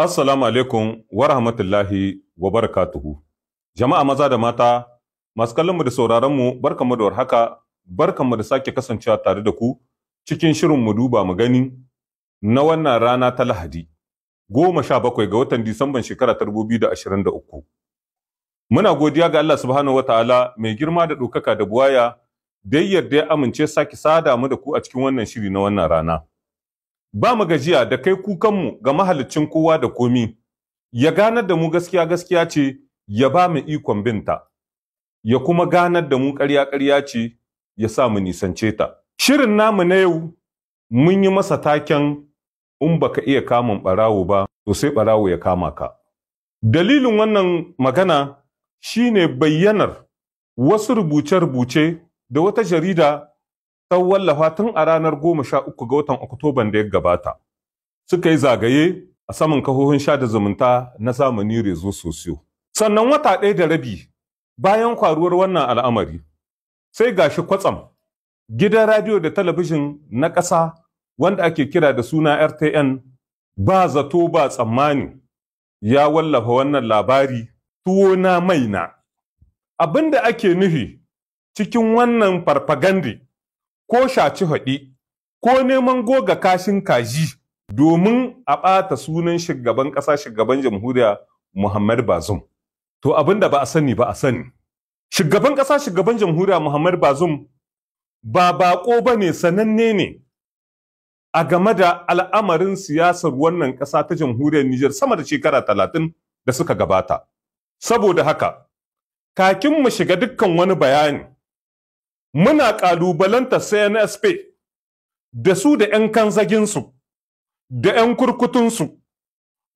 Assalamu alaikum wa rahmatullahi wa barakatuhu. Jama'a maza da mata, masu kallonmu da sauraronmu barkanmu da warhaka, barkanmu da sake kasancewa tare da ku cikin shirin mu duba mu gani na wannan rana ta Lahadi, goma sha bakwai ga watan Disamban shekara ta dubu da ashirin da uku. Muna godiya ga Allah subhanahu wa ta'ala mai girma da ɗaukaka da buwaya da yarda ya amince sake sada mu da ku a cikin wannan shiri na wannan rana. ba mu gajiya da kai kukanmu ga mahalicin kowa da komi, ya ganar da mu gaskiya gaskiya ce, ya ba mu ikon binta, ya kuma ganar da mu ƙarya karya ce, ya sa mu nisance ta. Shirin namu na yau mun yi masa taken in ba ka iya kamun ɓarawo ba, to sai ɓarawo ya kama ka. Dalilin wannan magana shi ne bayyanar wasu rubuce-rubuce da wata jarida Tau wallafa tun a ranar goma sha uku ga watan Oktoban da ya gabata. Suka yi zagaye a saman kahohin sha da zumunta na zamani rezo sosiyo. Sannan wata ɗaya da rabi bayan kwaruwar wannan al'amari, sai gashi kwatsam gidan radiyo da talabijin na ƙasa wanda ake kira da suna RTN ba zato ba tsammani ya wallafa wannan labari tuwo na maina. Abin da ake nufi cikin wannan farfagandi ko shaci haɗi ko neman goga kashin kaji domin a ɓata sunan shugaban ƙasa shugaban jamhuriya Muhammad Bazum. To abin da ba a sani ba a sani. Shugaban ƙasa shugaban jamhuriya Muhammad Bazum ba baƙo ba ne sananne ne a game da al'amarin siyasar wannan ƙasa ta jamhuriyar Nijar sama da shekara talatin da suka gabata. Saboda haka, kakin mu shiga dukkan wani bayani muna ƙalubalanta CNSP da su da 'yan kanzaginsu, da 'yan kurkutunsu,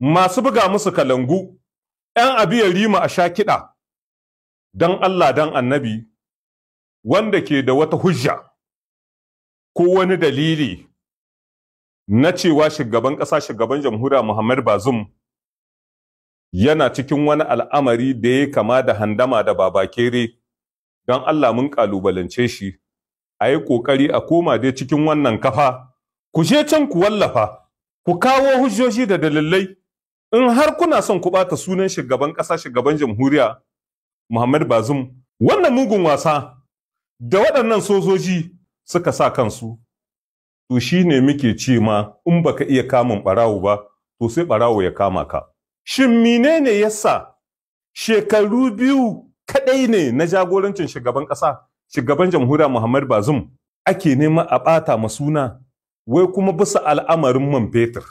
masu buga musu kalangu, 'yan abiyar rima a sha kiɗa, don Allah don annabi, wanda ke da wata hujja ko wani dalili na cewa shugaban ƙasa shugaban jamhuriya Muhammad Bazum yana cikin wani al'amari da ya kama da handama da babakere. don Allah mun kalubalance shi a yi ƙoƙari a koma dai cikin wannan kafa ku je can ku wallafa ku kawo hujjoji da dalilai in har kuna son ku ɓata sunan shugaban ƙasa shugaban jamhuriya Muhammad Bazum wannan mugun wasa da waɗannan sojoji suka sa kansu to shine muke ce ma in baka iya kamun ɓarawo ba to sai ɓarawo ya kama ka shin menene yasa shekaru biyu kaɗai ne na jagorancin shugaban ƙasa shugaban jamhuriya muhammad bazum ake nema a ɓata suna, wai kuma bisa al'amarin man fetur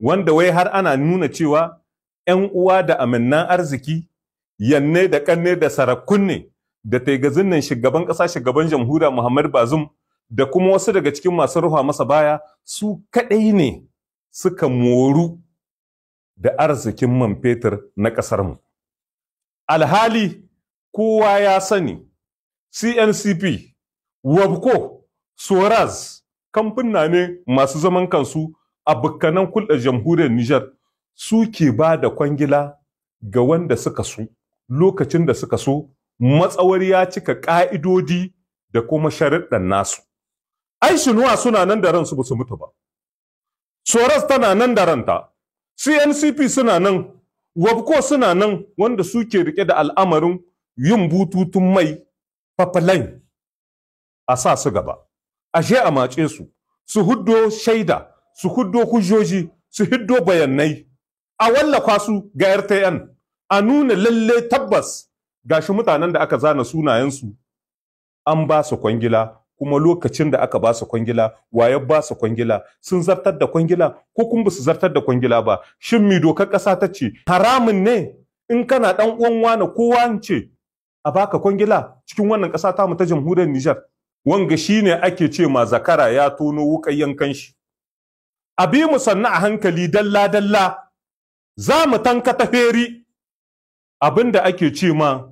wanda wai har ana nuna cewa 'yan uwa da aminnan arziki yanne da kanne da sarakun ne da taigazin nan shugaban ƙasa shugaban jamhuriya muhammad bazum da kuma wasu daga cikin masu ruwa masa baya su kaɗai ne suka moru da arzikin man fetur na ƙasarmu. mu alhali kowa ya sani cncp wabco soraz kamfuna ne masu zaman kansu a bukkanan kulɗa jamhuriyar su ke ba da kwangila ga wanda suka so lokacin da suka so matsawar ya cika ƙa'idodi da kuma sharaɗin nasu ai shinuwa suna nan da ransu ba su mutu ba soras tana nan da ranta cncp suna nan wabko suna nan wanda suke rike da al'amarin yin bututun mai fafalain a sa su gaba ashe a mace su su huddo shaida su huddo hujjoji su huddo bayanai a wallafa su ga RTN a nuna lalle tabbas gashi mutanen da aka zana sunayensu an ba su kwangila kuma lokacin da aka ba su kwangila waye ba su kwangila sun zartar da kwangila ko kuma su zartar da kwangila ba shin mi dokar ƙasa ta ce haramun ne in kana dan uwan wani kowa ce a baka kwangila cikin wannan ƙasa ta mu ta jamhuriyar Nijar wanga shine ake ce ma zakara ya tono wukan yankan shi a bi mu sanna a hankali dalla dalla za mu tanka ta feri abinda ake ce ma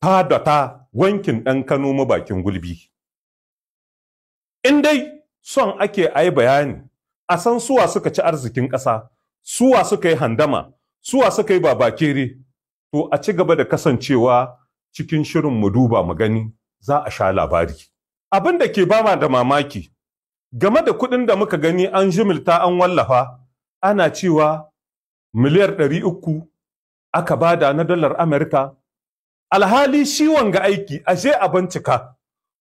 ta da ta wankin ɗan kano bakin gulbi in dai son ake a yi bayani a san suwa suka ci arzikin ƙasa suwa suka yi handama suwa suka yi babakere to a ci gaba da kasancewa cikin shirin mu duba mu gani za a sha labari abin da ke bama da mamaki game da kuɗin da muka gani an jimilta an wallafa ana cewa miliyar ɗari uku aka bada na dalar amurka alhali shi wanga aiki ashe a bincika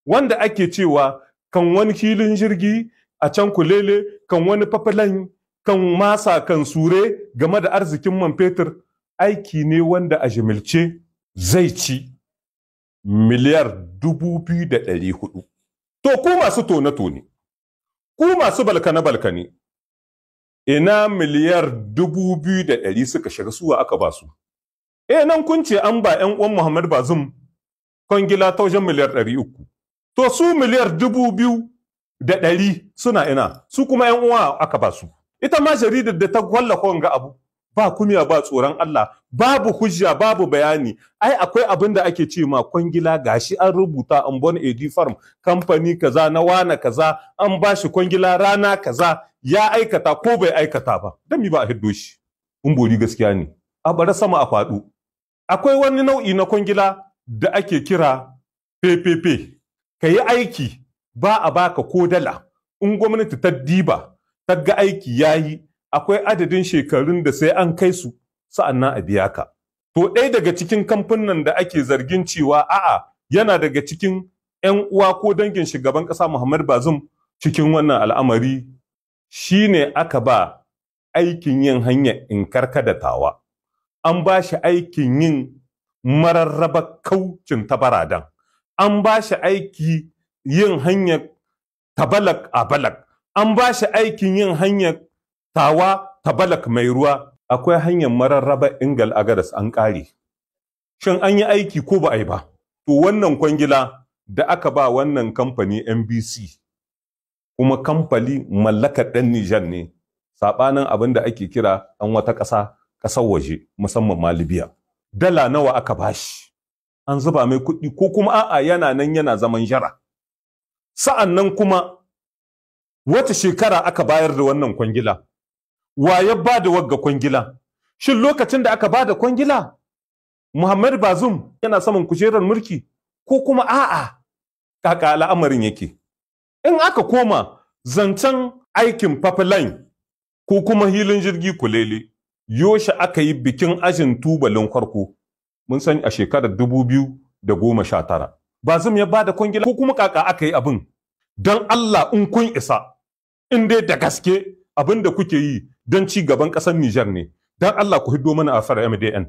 wanda ake cewa kan wani filin jirgi a can kulele kan wani fafalan kan masa kan sure game da arzikin man fetur aiki ne wanda a jimilce zai ci miliyar dubu biyu da ɗari hudu. To ku masu tone-tone, ku masu balkane-balkane, ina miliyar dubu biyu da ɗari suka shiga suwa aka ba su. E nan kun ce an ba ‘yan uwan Muhammad Bazum kwangila ta wajen miliyar ɗari uku. to su miliyar dubu biyu da ɗari suna ina su kuma yan uwa aka ba su ita ma jaridar da ta wallafa ga abu ba kumiya ba tsoron Allah babu hujja babu bayani ai akwai abin da ake ce ma kwangila gashi an rubuta an bon AD farm kamfani kaza na wana kaza an ba shi kwangila rana kaza ya aikata ko bai aikata ba dan mi ba a hiddo shi in bori gaskiya ne a bara sama a faɗo akwai wani nau'i na kwangila da ake kira PPP ka yi aiki ba a baka ko dala in gwamnati ta diba ta ga aiki ya yi akwai adadin shekarun da sai an kai su sa'annan a biya ka to ɗaya daga cikin kamfanin da ake zargin cewa a'a yana daga cikin 'yan uwa ko dangin shugaban ƙasa Muhammad Bazum cikin wannan al'amari shine aka ba aikin yin hanya in da tawa an ba shi aikin yin mararraba kaucin ta tabaradan an ba shi aiki yin hanyar tabalak a balak an ba shi aikin yin hanyar tawa tabalak mai ruwa akwai hanyar mararraba ingal agadas an ƙare shin an yi aiki ko ba a yi ba to wannan kwangila da aka ba wannan kamfani mbc kuma kamfani mallakar ɗan nijar ne saɓanin abin da ake kira ɗan wata ƙasa ƙasar waje musamman ma dala nawa aka bashi an zuba mai kuɗi ko kuma a'a yana nan yana zaman jara sa'an nan kuma wata shekara aka bayar da wannan kwangila wa ya ba da wagga kwangila shin lokacin da aka ba da kwangila muhammad bazum yana saman kujerar mulki ko kuma a'a kaka al'amarin yake in aka koma zancen aikin pipeline ko kuma hilin jirgi kulele yoshe aka yi bikin ajin tubalin farko mun san a shekarar dubu biyu da goma sha tara Ba bazum ya bada kwangila ko kuma kaka aka yi abin don Allah in kun isa in dai da gaske abin da kuke yi don ci gaban ƙasar Nijar ne don Allah ku hiddo mana a fara MDN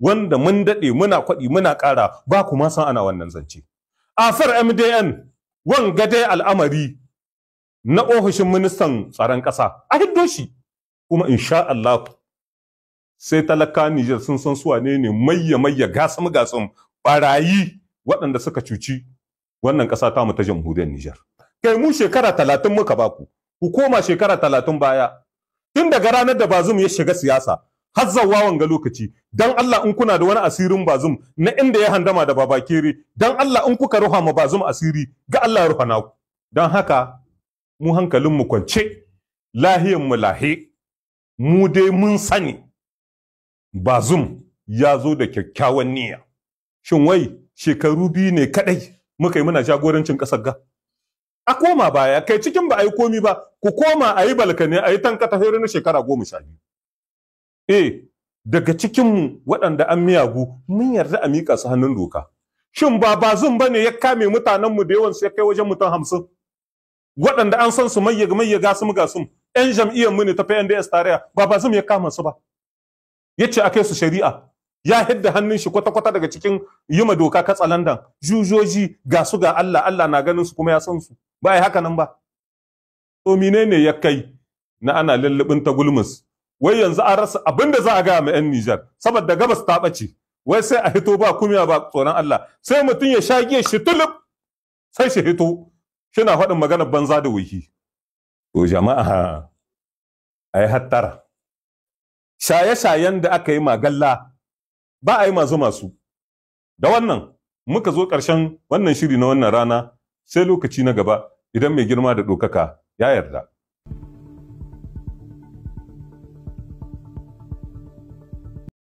wanda mun daɗe muna kwaɗi muna ƙara ba ku ma san ana wannan zance afar MDN wanga dai al'amari na ofishin ministan tsaron ƙasa a hiddo shi kuma insha Allah sai talaka Nijar sun san su wane ne mayya mayya gasam gasam barayi waɗanda suka cuci wannan ƙasa ta mu ta jamhuriyar Nijar kai mu shekara talatin muka baku ku koma shekara talatin baya tun daga ranar da Bazum ya shiga siyasa har zawawan wanga lokaci dan Allah in kuna da wani asirin Bazum na inda ya handama da babakere dan Allah in kuka ruha ma Bazum asiri ga Allah ruha naku dan haka mu hankalin mu kwance lahiyan mu lahi mu dai mun sani bazum ya zo da kyakkyawan niyya shin wai shekaru biyu ne kaɗai muka yi muna jagorancin ƙasar ga a koma baya kai cikin ba a yi komi ba ku koma a yi balkane a yi tankata na shekara goma sha biyu E, daga cikinmu waɗanda an miyagu mun yarda a miƙa su hannun doka shin ba bazum ba ne ya kame mutanenmu da yawan su ya kai wajen mutum hamsin waɗanda an san su mayyaga mayyaga su muga sun 'yan jam'iyyar mu ne tafi NDS tarayya ba bazum ya kama su ba ya ce a kai su shari'a ya hidda hannun shi kwata-kwata daga cikin yuma doka katsalandan jujoji ga su ga Allah Allah na ganin su kuma ya san su ba ya haka nan ba to menene ya kai na ana lullubin ta gulmus wai yanzu an rasa abinda za a ga ma yan Nijar saboda gabas ta bace wai sai a hito ba kumiya ba tsoron Allah sai mutum ya shage shi tulub sai shi hito shina faɗin maganar banza da wuki to jama'a ai hattara shaye-shayen da aka yi magalla ba a yi masu masu da wannan muka zo ƙarshen wannan shiri na wannan rana sai lokaci na gaba idan mai girma da ɗaukaka ya yarda